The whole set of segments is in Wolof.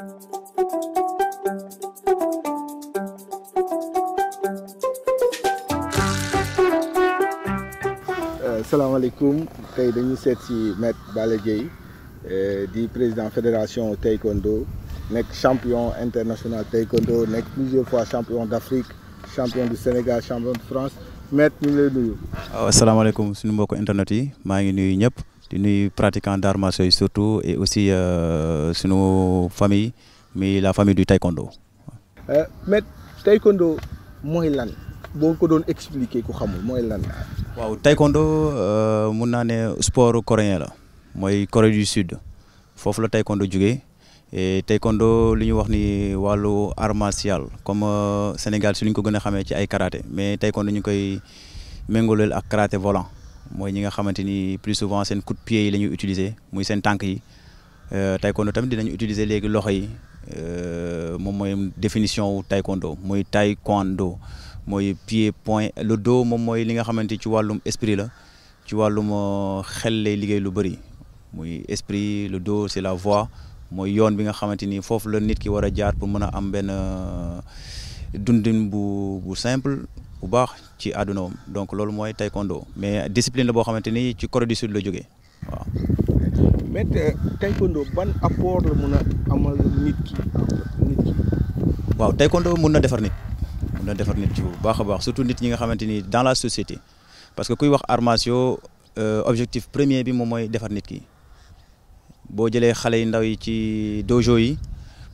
Euh, salaamaaleykum tey dañuy seet si maître Balla Dièye euh, di président fédération taekwondo nekk champion international taekwondo nekk plusieurs fois champion d'Afrique champion du Sénégal champion de France maître ñu ngi lay nuyu. waaw ah, asalaamaaleykum suñu mbokku internet yi maa ngi nuyu ñëpp. di nuyu pratiquant d'arts martiaux yi surtout et aussi euh, sunu famille mi la famille du taekwondo. Euh, mais taekwondo mooy lan boo ko doon expliquer ku xamul mooy lan. waaw taekwondo euh, mun naa ne sport coréen la mooy Corée du Sud foofu la taekwondo jógee et taekwondo li ñu wax ni wàllu art martial comme Sénégal si lu ñu ko gën a xamee ci ay karaté mais taekwondo ñu koy méngaleel ak karaté volant. mooy ñi nga xamante ni plus souvent seen coup de pied yi la ñuy utiliser muy seen tànk yi euh, taekwondo tamit dinañ utiliser léegi loxo yi euh, moom mooy définition wu taekwondo muy taekwondo mooy pied point le dos moom mooy li nga xamante ci wàllum esprit la ci wàllum euh, xel lay liggéey lu bëri muy esprit le dos c'est la voie mooy yoon bi nga xamante ni foofu la nit ki war a jaar pour mën a am benn dundin bu bu simple bu baax ci àdduna wam donc loolu mooy taekwondo mais discipline la boo xamante ni ci Corée du Sud la jógee waaw. mais taekwondo ban apport la mun a amal nit ki nit ki. waaw taekwondo mun na defar nit mun defar nit ci bu baax a baax surtout nit ñi nga xamante ni dans la société parce que kuy wax armation euh, objectif premier bi moom mooy defar nit ki boo jëlee xale yu ndaw yi ci dojo yi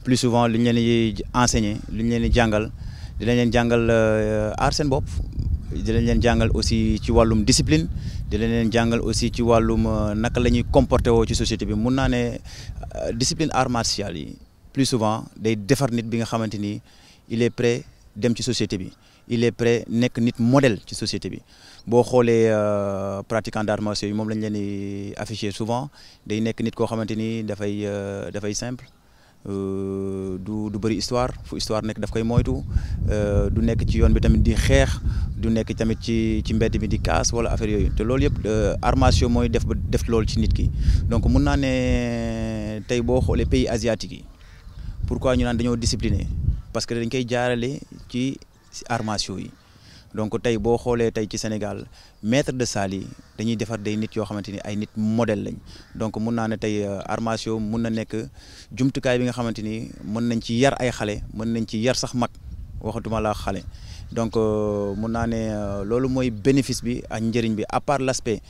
plus souvent lu ñu leen di enseigner lu ñu leen di jàngal. dinañ leen jàngal euh, aar seen bopp dinañ leen jàngal aussi ci wàllum discipline dinañ leen jàngal aussi ci wàllum euh, naka la ñuy comporté woo ci société bi mun naa ne euh, discipline arts martial yi plus souvent day defar nit bi nga xamante ni il est prêt dem ci société bi il est prêt nekk nit modèle ci société bi boo xoolee pratiquant d'arts martiaux yi moom lañ leen di afficher souvent day nekk nit koo xamante ni dafay dafay simple du du bëri histoire fu histoire nekk daf koy moytu euh, du nekk ci yoon bi tamit di xeex du nekk tamit ci ci mbedd mi di kaas wala affaire yooyu te loolu yëpp euh, armation mooy def ba def loolu ci nit ki donc mun naa ne tey boo xoolee pays asiatiques yi pour pourquoi ñu naan dañoo discipliné parce que dañ koy jaarale ci armation yi. donc tey boo xoolee tey ci Sénégal metre de salle yi dañuy defar day nit yoo xamante ni ay nit modèle lañ donc mun naa ne tey euh, arts mun na nekk jumtukaay bi nga xamante ni mën nañ ci yar ay xale mën nañ ci yar sax mag waxatuma la xale donc euh, mun naa ne euh, loolu mooy bénéfice bi ak njëriñ bi à part l'aspect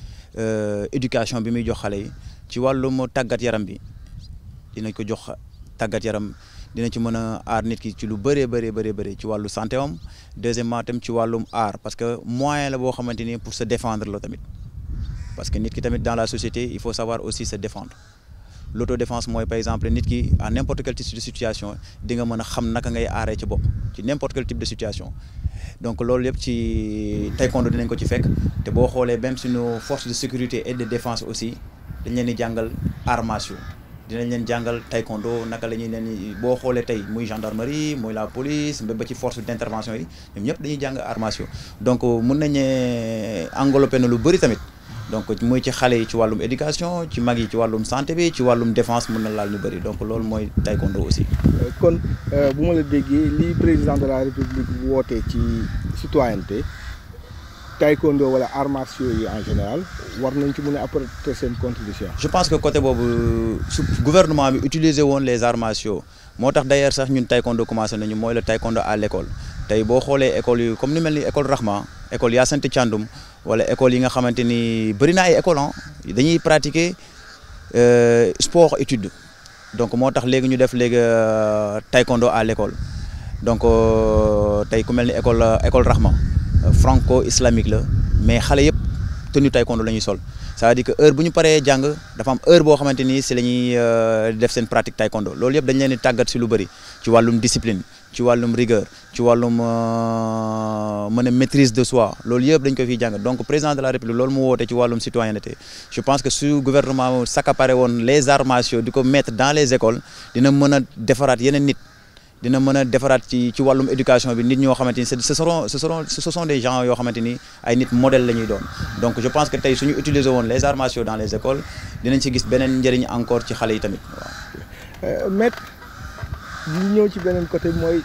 éducation bi muy jox xale yi ci wàllum tàggat yaram bi dinañ ko jox tàggat yaram dina ci mën a aar nit ki ci lu bëree bëree bëree bëri ci wàllu santé am deuxièmement tam ci wàllum aar parce que moyen la boo xamante ni pour se défendre la tamit parce que nit ki tamit dans la société il faut savoir aussi se défendre l'autodéfense mooy par exemple nit ki à n'importe quel type de situation di nga mën a xam naka ngay aaree bopp ci n'importe de situation donc loolu yëpp ci taekwondo dinañ ko ci fekk te boo xoolee même suñu force de sécurité et de défense aussi dañ leen di jàngal arts martiaux dinañ leen jàngal taekwondo naka la ñuy leen boo xoolee tey muy gendarmerie muy la police ba ci force d' intervention yi ñoom ñëpp dañuy jàng armation donc euh, mun nañu euh, englobé na lu bëri tamit donc muy ci xale yi ci wàllum éducation ci mag yi ci wàllum santé bi ci wàllum défense mun na laal ñu bëri donc loolu mooy taekwondo aussi. Euh, kon bu ma la déggee li président de la république wootee ci citoyenneté. taekwondo wala arts martiaux yi en général war nañ ci mën a apporter seen contribution. je pense que côté boobu su gouvernement bi utiliser woon les arts moo tax d'ailleurs sax ñun taekwondo commencé nañu mooy la taekwondo à l'école tey boo xoolee école yu comme ni mel ni école Rahma école Hyacinthe Thiandoum wala école yi nga xamante ni bëri école dañuy pratiquer euh, sport étude donc moo tax léegi ñu def léegi euh, taekwondo à l'école donc euh, tey ku mel ni école école Rahma. franco islamique la mais xale yëpp tenue taekwondo la ñuy sol c'est-à-dire que heure bu ñu paree jàng dafa am heure boo xamante ni si la ñuy euh, def seen pratique taekwondo loolu yëpp dañ leen di tàggat si lu bëri ci wàllum discipline ci wàllum rigueur ci wàllum euh, mën a maîtrise de soi loolu yëpp dañ ko fiy jàng donc président de la république loolu mu woote ci wàllum citoyenneté je pense que su gouvernement s'accaparé woon les arts di ko mettre dans les écoles dina mën a defaraat yeneen nit dina mën a defaraat ci ci wàllum éducation bi nit ñoo xamante ni ce seront ce seront ce des gens yoo xamante ni ay nit modèle la ñuy doon donc je pense que tey suñu utiliser woon les arts martiaux dans les écoles dinañ ci gis beneen njëriñ encore ci xale yi tamit waaw. Euh, maître ñëw ci beneen côté mooy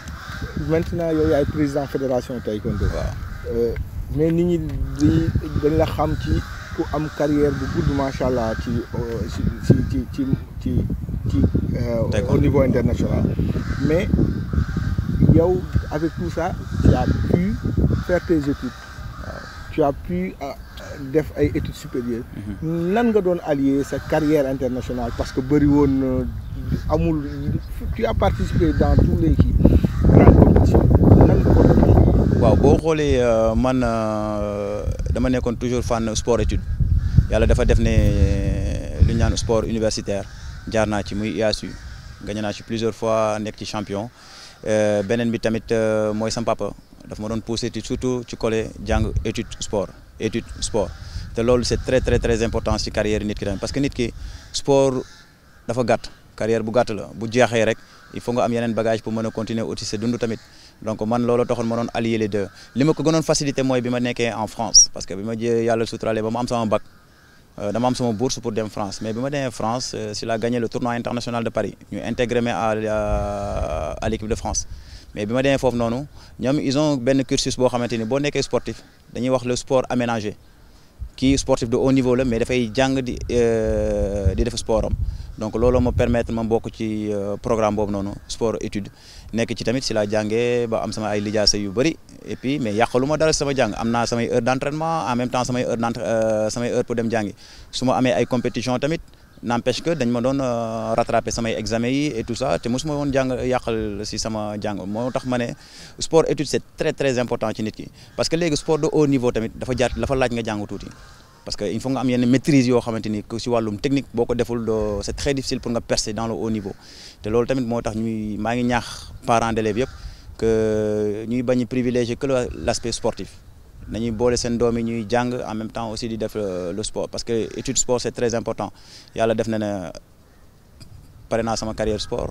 maintenant yow yaay président fédération taekwondo. waaw euh, mais nit ñi dañuy dañ la xam ci ku am carrière bu gudd macha allah euh, ci ci ci ci. ci au niveau international mais yow avec tout ça tu as pu faire tes études tu pu euh, def ay études supérieures lan mhm. nga doon allier sa carrière international parce que bëri woon amul tu as participé dans tous les kii grandes compétitions waaw boo xoolee euh, man euh, dama nekkoon toujours fan sport étude yàlla dafa def ne lu ñu naan sport universitaire jaar naa ci muy IASU gagné naa ci plusieurs fois nekk ci champion euh, beneen bi tamit euh, mooy sam papa daf ma doon poussé surtout ci collé jàng étude sport étude sport te loolu c'est très très très important ci carrière nit ki tamit parce que nit ki sport dafa gàtt carrière bu gàtt la bu jeexee rek il faut nga am yeneen bagage pour mën a continuer aussi sa dund tamit donc man loolu taxoon ma doon allier les deux li ma ko gënoon facilité mooy bi ma nekkee en ba Euh, dama am sama bourse pour dem France mais bi ma demee France euh, si la gagné le tournoi international de Paris ñu intégré euh, à l'équipe de France mais bi ma demee foofu noonu ñoom ils benn cursus boo xamante ni boo nekkee sportif dañuy wax le sport aménagé kii sportif de haut niveau la mais dafay jàng di euh, di def sport am donc looloo ma permettre ma mbokk ci euh, programme boobu noonu sport étude nekk ci tamit si la jàngee ba am sama ay lijaasa yu bëri et puis mais yàqalu ma dara sama jàng am naa samay heure d' en même temps samay heure euh, samay heure dem jàngi su ma amee ay compétition tamit n'empêche que dañ ma doon euh, rattrapé samay examen yi et tout ça te mosuma woon jàng yàqal si sama jàng moo tax ma ne sport étude c'est très très important ci nit ki parce que léegi sport de haut niveau tamit dafa jaar dafa laaj nga jàng tuuti parce que il faut nga am yenn maîtrise yoo xamante ni si wàllum technique boo ko deful doo c'est très difficile pour nga percer dans le haut niveau te loolu tamit moo tax ñuy maa ngi ñaax parents d'élèves yëpp que ñuy bañ privilégier que l'aspect sportif nañuy boole seen doom yi ñuy jàng en même temps aussi di def euh, le sport parce que étude sport c'est très important yàlla def na ne pare naa sama carrière sport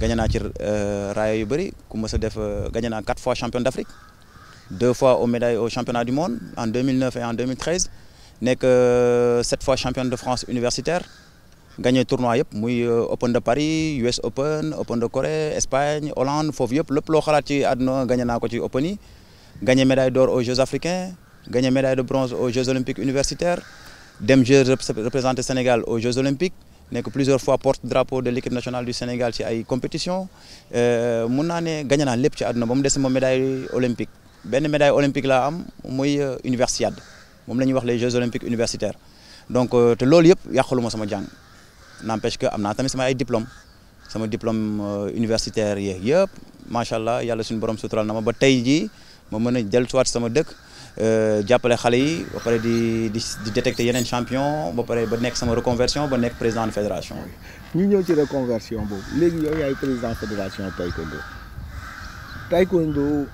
gagné naa ci euh, raaya yu bëri ku mës a def euh, gagné naa quatre fois champion d'Afrique deux fois au médaille au championnat du monde en 2009 et en 2013 nekk sept fois championne de France universitaire gagné tournoi yëpp muy Open de Paris US Open Open de Corée Espagne Hollande foofu yëpp lépp loo xalaat ci àdduna gagné naa ko ci Open yi. gagné médaille d'or aux Jeux africains gagné médaille de bronze aux Jeux olympiques universitaires dem jeu représenté Sénégal aux Jeux olympiques nekk plusieurs fois porte-drapeau de l'équipe nationale du Sénégal ci ay compétition euh, mun naa ne gagné naa lépp ci àdduna ba mu des ma médaille olympique benn médaille olympique la am muy euh, universiade moom la ñuy wax les Jeux olympiques universitaires donc euh, te loolu yëpp yàqalu ma sama jàng n'empêche que am naa tamit sama ay diplôme sama diplôme universitaire yeeg yëpp yàlla suñu borom moo mën a dellusiwaat sama dëkk euh, jàppale xale yi ba pare di di di détecter yeneen champion ba pare ba nekk sama reconversion ba nekk président de fédération ñu ñëw ci reconversion boobu léegi yow yaay président fédération taekwondo taekwondo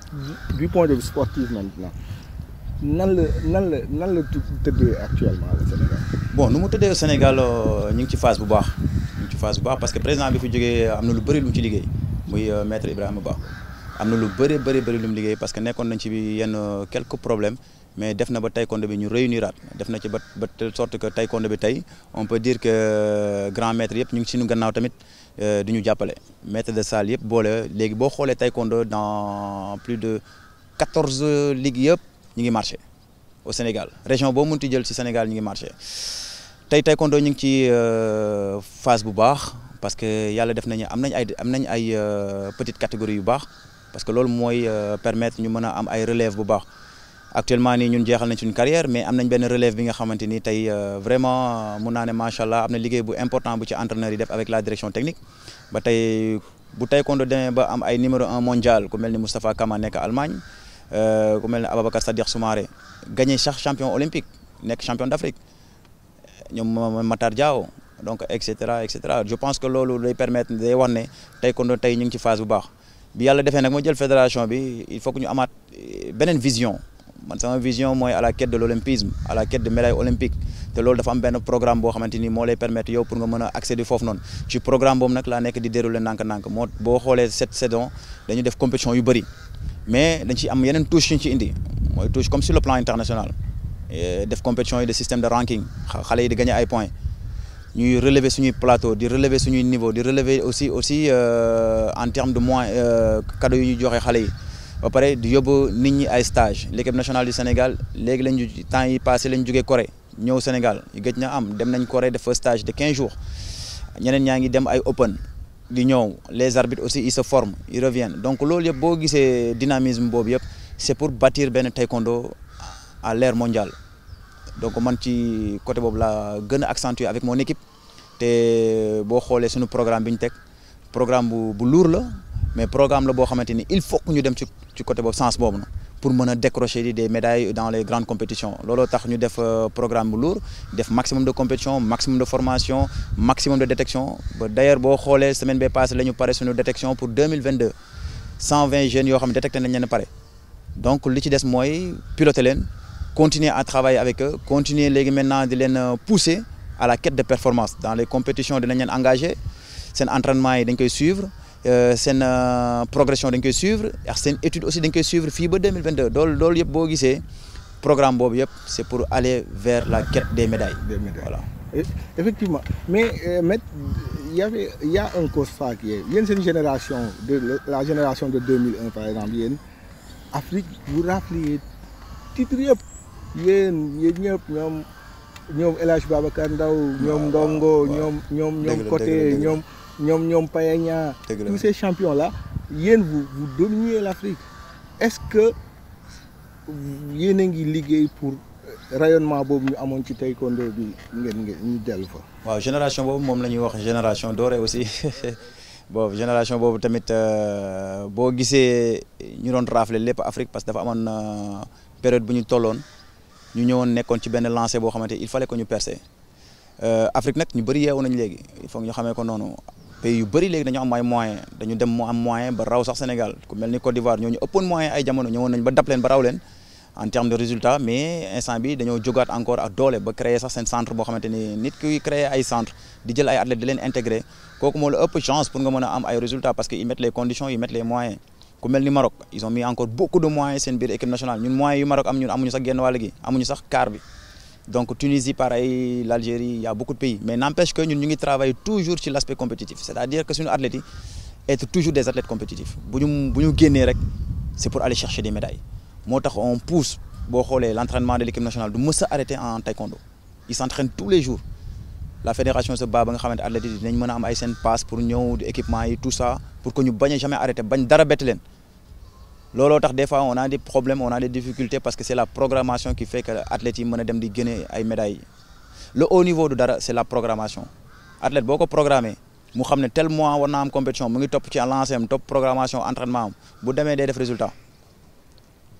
du point de vue sportif maintenant nan la nan la nan la tëddee actuellement au Sénégal. bon nu mu tëddee Sénégal euh, ñu ngi ci phase bu baax ñu ngi ci phase bu baax parce que président bi fi jógee am na lu bëri lu mu ci liggéey muy euh, maître Ibrahima baax am na lu bëri bëri bari lu liggéey parce que nekkoon nañ ci yenn euh, quelques problème mais def na ba taekwondo bi ñu réuniraat def na ci ba ba telle sorte que taekwondo bi tey on peut dire que euh, grand maître yëpp ñu ngi suñu gannaaw tamit euh, du ñu jàppale maître de salle yëpp boole léegi boo xoolee taekwondo dans plus de quatorze ligues yëpp ñu ngi marché au Sénégal région boo munti jël ci Sénégal ñu ngi marché tey taekwondo ñu ngi ci phase bu baax parce que yàlla def nañu am nañ ay am nañ ay petites catégories yu baax parce que loolu mooy euh, permettre ñu mën am ay relève bu baax actuellement nii ñun jeexal nañ suñu carrière mais am nañ benn relève bi nga xamante ni tey euh, vraiment mun naa ne macha allah am na liggéey bu important bu ci entraîneur yi def avec la direction technique ba tey bu taekwondo demee ba am ay numéro un mondial ku mel ni Moustapha Kama nekk Allemagne euh, ku mel ni Ababacar Sadikh Soumaré gagné chaque champion olympique nekk champion d'Afrique ñoom Matar Diaw donc et cetera et je pense que loolu day permettre day wax ne taekwondo tey ñu ngi ci phase bu baax. bi yàlla defee nag ma jël fédération bi il faut que ñu amaat eh, beneen vision man sama vision mooy à la quête de l'olympisme à la quête de médaille olympique te loolu dafa am benn programme boo xamante ni moo lay permettre yow pour nga mën a accéder foofu noonu ci programme boobu nag laa nekk di dérouler nànk-nànk moo boo xoolee cette saison dañu def compétition yu bëri mais dañ ci am yeneen touche yu ñu indi mooy touche comme sur le plan international eh, def compétition de ñuy relever suñuy plateau di relever suñuy niveau di relever aussi aussi euh, en termes de moyens euh, cadeau yu ñu joxe xale yi ba pare di yóbbu nit ñi ay stage l'équipe national du Sénégal léegi lañ temps yi passé lañ jógee Corée ñëw Sénégal gëj na am dem nañ Corée def fa stage de quinze jours ñeneen ñaa ngi dem ay open di ñëw les arbitres aussi ils sa forment ils reviennent donc loolu yëpp boo gisee dynamisme boobu yëpp c'est pour bâtir benn taekwondo à l'ère mondiale donc man ci côté boobu laa gën a accentuer avec mon équipe te boo xoolee suñu programme bi ñu teg programme bu bu lourd la mais programme la boo xamante ni il faut que ñu dem ci ci côté boobu sens boobu na pour mën a décrocher des médailles dans les grandes compétitions looloo tax ñu def euh, programme bu lourd def maximum de compétition maximum de formation maximum de détection ba d'ailleurs boo xoolee semaine bee passée la pare suñu détection pour 2022 120 jeunes yoo xam ne détecté nañ leen pare donc li ci des mooy piloter leen continuer à travailler avec eux continue léegi maintenant di leen euh, pousser à la quête de performance dans les compétitions dinañ leen engagé seen entraînement yi dañ koy suivre euh, seen euh, progression dañ koy suivre ak seen étude aussi dañ koy suivre fii ba 2022 loolu loolu yëpp boo gisee programme boobu yëpp c'est pour aller vers la quête des médailles. Des médailles. effectivement mais euh, mais y avait y a un constat qui est génération de la génération de 2001 par exemple yéen Afrique vous rafliez titre yëpp. yéen yéen ñëpp ñoom ñoom El Hadj Ndaw ñoom Ndongo ñoom ñoom ñoom Côté ñoom ñoom ñoom Payagna tous ces champions la yéen vous vous dominez l'Afrique est-ce que yéen a ngi liggéey pour rayonnement boobu ñu amoon ci taekwondo bi ngeen ngeen ñu dellu fa waaw génération boobu moom la ñuy wax génération dorée aussi boobu génération boobu tamit euh, boo gisee ñu doon raafle lépp Afrique parce que dafa amoon euh, période bu ñu tolloon ñu ñëwoon nekkoon ci benn lancé boo xamante il fallait que ñu percer euh, Afrique nag ñu bëri yeewu nañ léegi il faut ñu xamee ko noonu pays yu bëri léegi dañu am ay moyen dañu dem mu am moyen ba raw sax Sénégal ku mel ni Côte d'Ivoire ñooñu ëppoon moyen ay jamono ñëwoon nañ ba dab leen ba raw leen en terme de résultat mais instant bi dañoo jógaat encore doole ba créer sax seen centre boo xamante ni nit kuy créer ay centre di jël ay athlètes di leen intégrer kooku moo la ku mel ni Maroc ils ont mis encore beaucoup de moyens seen biir équipe nationale ñun moyens yu Maroc am ñun sax genn wàll gi amuñu sax quart bi donc Tunisie pareil l'Algérie y a beaucoup de pays mais n'empêche que ñun ñu ngi toujours ci l'aspect compétitif c'est-à-dire que suñu athlètes yi toujours des athlètes compétitifs bu ñu bu rek c'est pour aller chercher des médailles moo tax on pousse boo xoolee l'entraînement de l'équipe nationale du a arrêté looloo tax des fois on a des problèmes on a des difficultés parce que c'est la programmation qui fait que athlètes yi mën dem di génne ay médailles le haut niveau du dara c'est la programmation athlète boo ko programmé mu xam ne tel mois war naa am compétition mu ngi topp ci lancé am topp programmation entraînement am bu demee day def résultat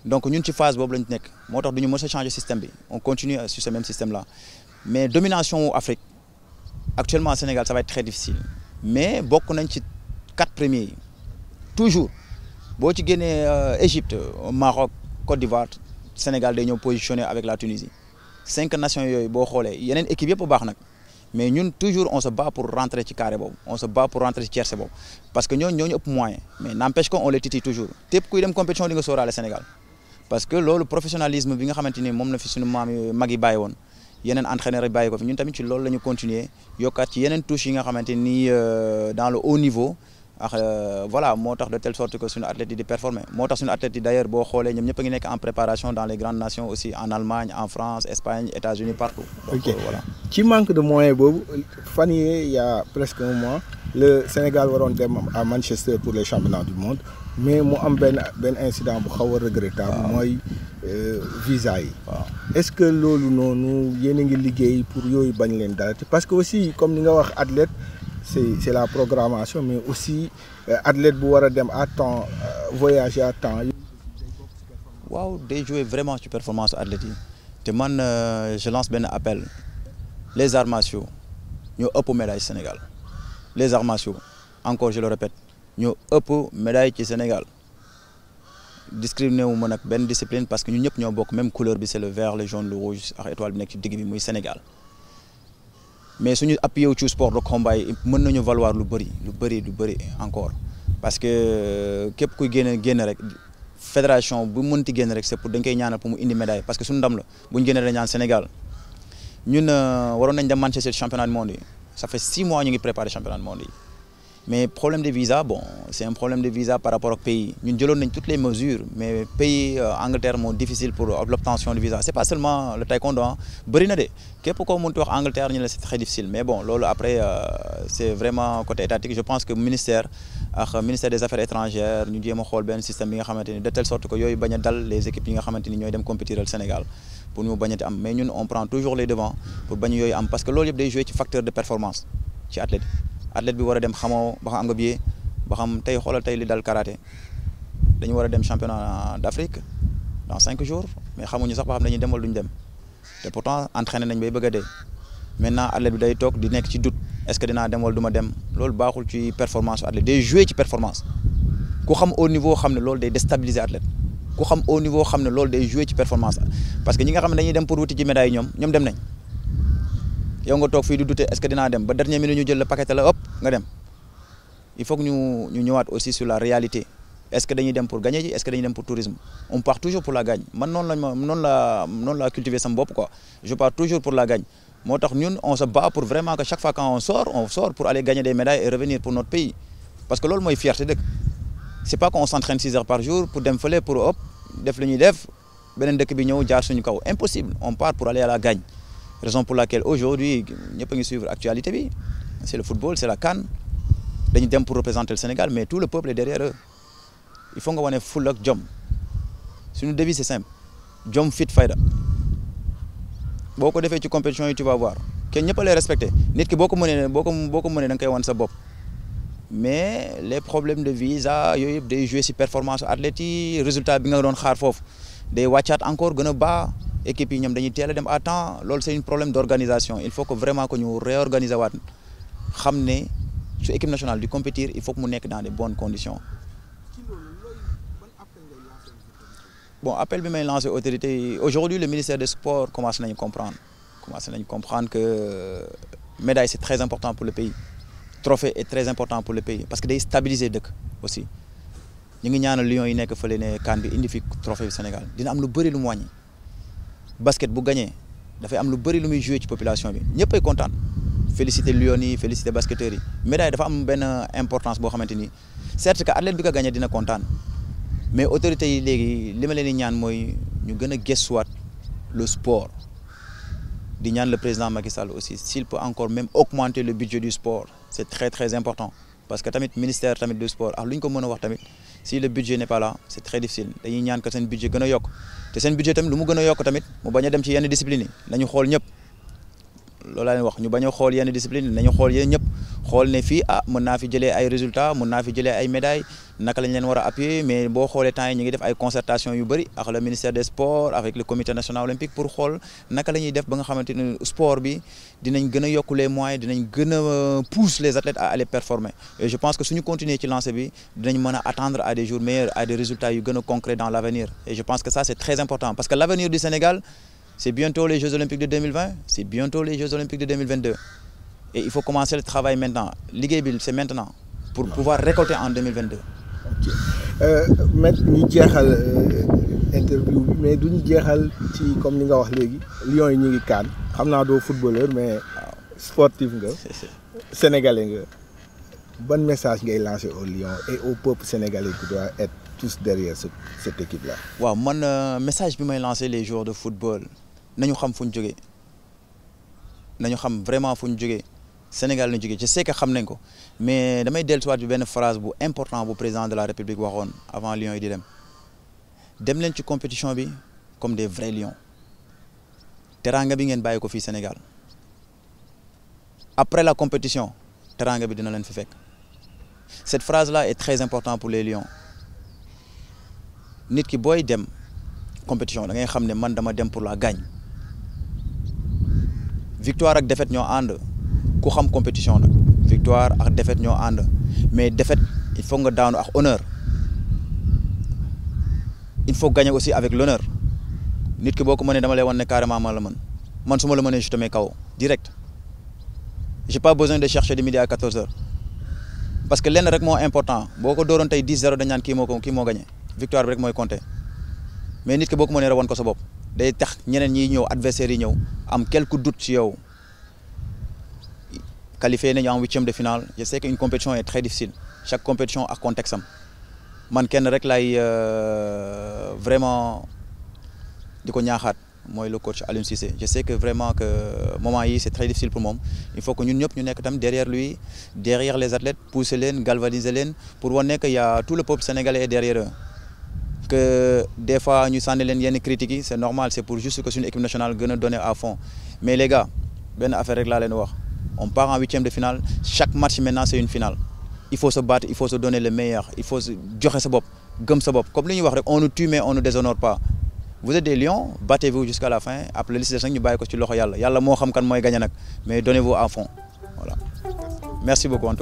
donc ñun ci phase boobu lañu nekk moo tax du ñu mës a changer système bi on continue sur ce même système là mais actuellement Sénégal ça va être très difficile mais bokk nañ ci quatre premiers yi boo ci génnee euh, Égypte Maroc Côte d'Ivoire Sénégal day ñëw positionné avec la Tunisie cinq nations yooy boo xoolee yeneen équipe yëpp baax nag mais ñun toujours on se bat pour rentrer ci carré boobu on se bat pour rentrer ci tiercé boobu parce que ñooñu ñooñu ëpp moyen mais n'empêche qu'on les titille toujours tépp kuy dem compétition di nga Sénégal parce que loolu professionnalisme bi nga xamante ni moom na fi suñu maam mag yi bàyyi woon yeneen entraîneur yi bàyyi ko fi ñun tamit ci loolu la ñu continuer yokkaat ci yeneen touche ni euh, dans le haut niveau ah voilà moo tax de telle sorte que suñu athlètes di performer moo tax suñu athlètes yi boo xoolee ñoom ñëpp a ngi nekk en préparation dans les grandes nations aussi en Allemagne en France Espagne États-Unis partout. donc okay. Euh, ci manque de moyens boobu fan yii a presque un mois le Sénégal waroon dem à Manchester pour les championnats du monde mais mu am benn benn incident bu xaw a regrettable. Ah. mooy euh, visa yi. Ah. est-ce que loolu noonu yéen a ngi liggéey pour yooyu bañ leen dara parce que aussi comme ni nga wax athlète. c'est la programmation mais aussi euh, athlète bu war a dem à temps euh, voyager à waaw day jouer vraiment su performance athlète yi te man euh, je lance benn appel les arts martiaux ñoo ëpp médaille Sénégal les arts martiaux encore je le répète ñoo ëpp médaille ci Sénégal. discriminé wu ma nag benn discipline parce que ñun ñëpp ñoo bokk même couleur bi c'est le vert le jaune le rouge ak étoile bi nekk ci digg bi muy Sénégal. mais suñu appuyé wu ci sport de combat mën nañu valoir lu bëri lu bëri lu bëri encore parce que euh, képp kuy génn génn rek fédération bu mënti génn rek c'est pour dañ koy ñaanal pour mu indi médaille parce que suñu ndam la bu ñu génnee dañ ñaan Sénégal ñun euh, waroon nañ dem Manchester championnat du monde yi ça fait mois ñu ngi préparé championnat du monde yi mais problème de visa bon c'est un problème de visa par rapport au pays ñun jëloon nañ toutes les mesures mais pays euh, Angleterre moo difficile pour l'obtention de visa c'est pas seulement le taekwondo bëri na de képp koo mënti Angleterre ñu la c'est très difficile mais bon loolu après euh, c'est vraiment côté étatique je pense que ministère ak ministère des affaires étrangères ñu jéem a xool benn système bi nga xamante de telle sorte que yooyu bañ a dal les équipes yi nga xamante ni athlète bi war a dem xamoo ba xam am nga billet ba xam tey xoolal tey li dal karaté dañu war a dem championnat d'Afrique dans cinq jours mais xamuñu sax ba xam dañuy dem wala duñu dem te pourtant entraîné nañ bay bëgg a dee maintenant athlète bi day toog di nekk ci doute est-ce que dinaa dem wala du dem loolu baaxul ci performance athlète day jouer ci performance ku xam au niveau xam ne loolu day déstabiliser athlète ku xam au niveau xam ne loolu day jouer ci yow nga toog fii di douter est-ce que dinaa dem ba dernière minute ñu jël la paquet la hop nga dem il faut que ñu ñu ñëwaat aussi sur la réalité est-ce que dañuy dem pour gagner ji est-ce que dañuy dem pour tourisme on part toujours pour la gagne man noonu la noonu bopp quoi je pars toujours pour la gagne moo tax ñun on se bat pour vraiment que chaque fois quand on sort on sort pour aller gagner des médailles et revenir pour notre pays parce que loolu mooy fierté dëkk c'est par jour pour dem fële pour hop def lu ñuy def bi ñëw jaar suñu kaw impossible on part pour raison pour laquelle aujourd'hui ñëpp a ngi suivre actualité bi c'est le football c'est la CAN dañu dem pour représenter le Sénégal mais tout le peuple est derrière eux il faut nga wane fulla ak jom suñu devise c'est simple jom fit fayda boo ko defee ci compétition yi tu vas voir kenn ñëpp a lay respecté nit ki boo ko mënee boo ko boo ko mënee da nga wan sa bopp mais les problèmes de visa yooyu yëpp day jouer si performance athlète résultat bi nga doon xaar foofu day wàccaat encore gën a baax équipe yi ñoom dañuy teel dem à loolu c'est un problème d'organisation il faut que vraiment que ñu réorganiser waat xam ne su équipe nationale di compétir il faut que mu nekk dans de bonnes conditions bon appel bi may lancer autorités aujourd'hui le ministère de sports commence nañu comprendre commence nañu comprendre que euh, médaille c'est très important pour le pays trophée est très important pour le pays parce que day stabiliser dëkk aussi ñu ngi ñaanal Lions yi nekk fële ne CAN bi indi fi dina am lu bëri lu mu wàññi basket bu gagné dafay am lu bëri lu muy joué ci population bi ñëpp ay kontaan félicité Lyon yi félicité basketteurs yi médaille dafa am benn importance boo xamante ni certes que athlète bi ko gagné dina kontaan mais autorité yi léegi li ma leen di ñaan mooy ñu gën a gëstuwaat le sport di ñaan le président Macky Sall aussi s'il peut encore même augmenter le budget du sport c'est très très important parce que tamit ministère tamit du sport ak lu ñu ko mën a wax tamit. si le budget n'est pas là c'est très difficile dañuy ñaan que seen budget gën a yokk te seen budget tamit lu mu gën a yokk tamit mu baña dem ci yenn discipline yi nañu xool ñëpp loolu wax ñu bañ a xool yenn discipline nañu xool yéen ñëpp xool ne fii ah mën naa fi jëlee ay résultats mën naa fi jëlee ay médailles naka lañ leen war a mais boo xoolee temps yi ñu ngi def ay concertation yu bëri ak le ministère des sports avec le comité national olympique pour xool dinañ gën a yokk les moyens dinañ gën a euh, pousse performer et je pense que suñu continuer ci lancer bi dinañ mën a attendre à des jours meilleurs à des résultats yu gën a dans l' avenir et je pense que ça c' très important parce que l' du Sénégal C'est bientôt les Jeux Olympiques de 2020, c'est bientôt les Jeux Olympiques de Et il faut commencer le travail maintenant. L'IGBIL, c'est maintenant, pour pouvoir récolter en 2022. ok euh, ñu jeexal euh, interview bi mais ñu jeexal ci comme ni nga wax léegi Lions yi ñu ngi kaan xam naa doo footballeur mais sportif nga sénégalais nga ban message ngay lancer au Lions et au peuple sénégalais qui doit être tous derrière cette, équipe là. waaw man euh, message bi may lancer les joueurs de football nañu xam fu ñu jógee nañu xam vraiment fu ñu jógee Sénégal nañu jógee je sais xam nañ ko mais damay dellusiwaat bi benn phrase bu important bu président de la République waxoon avant Lions yi di dem dem leen ci compétition bi comme des vrais lions teranga bi ngeen bàyyi ko fii Sénégal après la compétition teranga bi dina leen fi fekk cette phrase la est très important pour les nit ki booy dem compétition da ngay xam ne man dama dem pour la gagne victoire ak défaite ñoo ànd ku xam compétition nag victoire ak défaite ñoo ànd mais défaite il faut nga daanu ak honneur il faut gagner aussi avec l'honneur nit ki boo ko mënee dama lay wan ne carrément ma la man man su ma la mënee je kaw mets KO direct j'ai pas besoin de chercher de midi à 14 heures parce que lenn rek moo important boo ko dooroon tey 10 0 dañ naan kii moo ko victoire bi rek mooy compter mais nit ki boo ko mënee rawoon ko sa bopp day tax ñeneen ñiy ñëw adversaires yi ñëw am quelque doute yow qualifié nañu en huitième de finale je sais que une compétition est très difficile chaque compétition ak contexte am man kenn rek lay euh, vraiment di ko ñaaxaat mooy le coach Aliou Cissé je sais que vraiment que moment yi c'est très difficile pour moom il faut que ñun ñëpp ñu nekk tam derrière lui derrière les athlètes pousser leen galvaniser leen pour wane ne que le peuple sénégalais est que des fois ñu sànni leen yenn critiques yi c'est normal c'est pour juste que suñu équipe nationale gën a donner à fond mais les gars benn affaire rek leen wax on part en huitième de finale chaque match maintenant c'est une finale il faut se battre il faut se donner le meilleur il faut joxe sa bopp gëm sa bopp comme li ñuy wax rek on nous tue déshonore pas vous êtes des lions battez-vous jusqu'à la fin après li si des ñu bàyyi ko ci loxo yàlla yàlla moo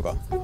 xam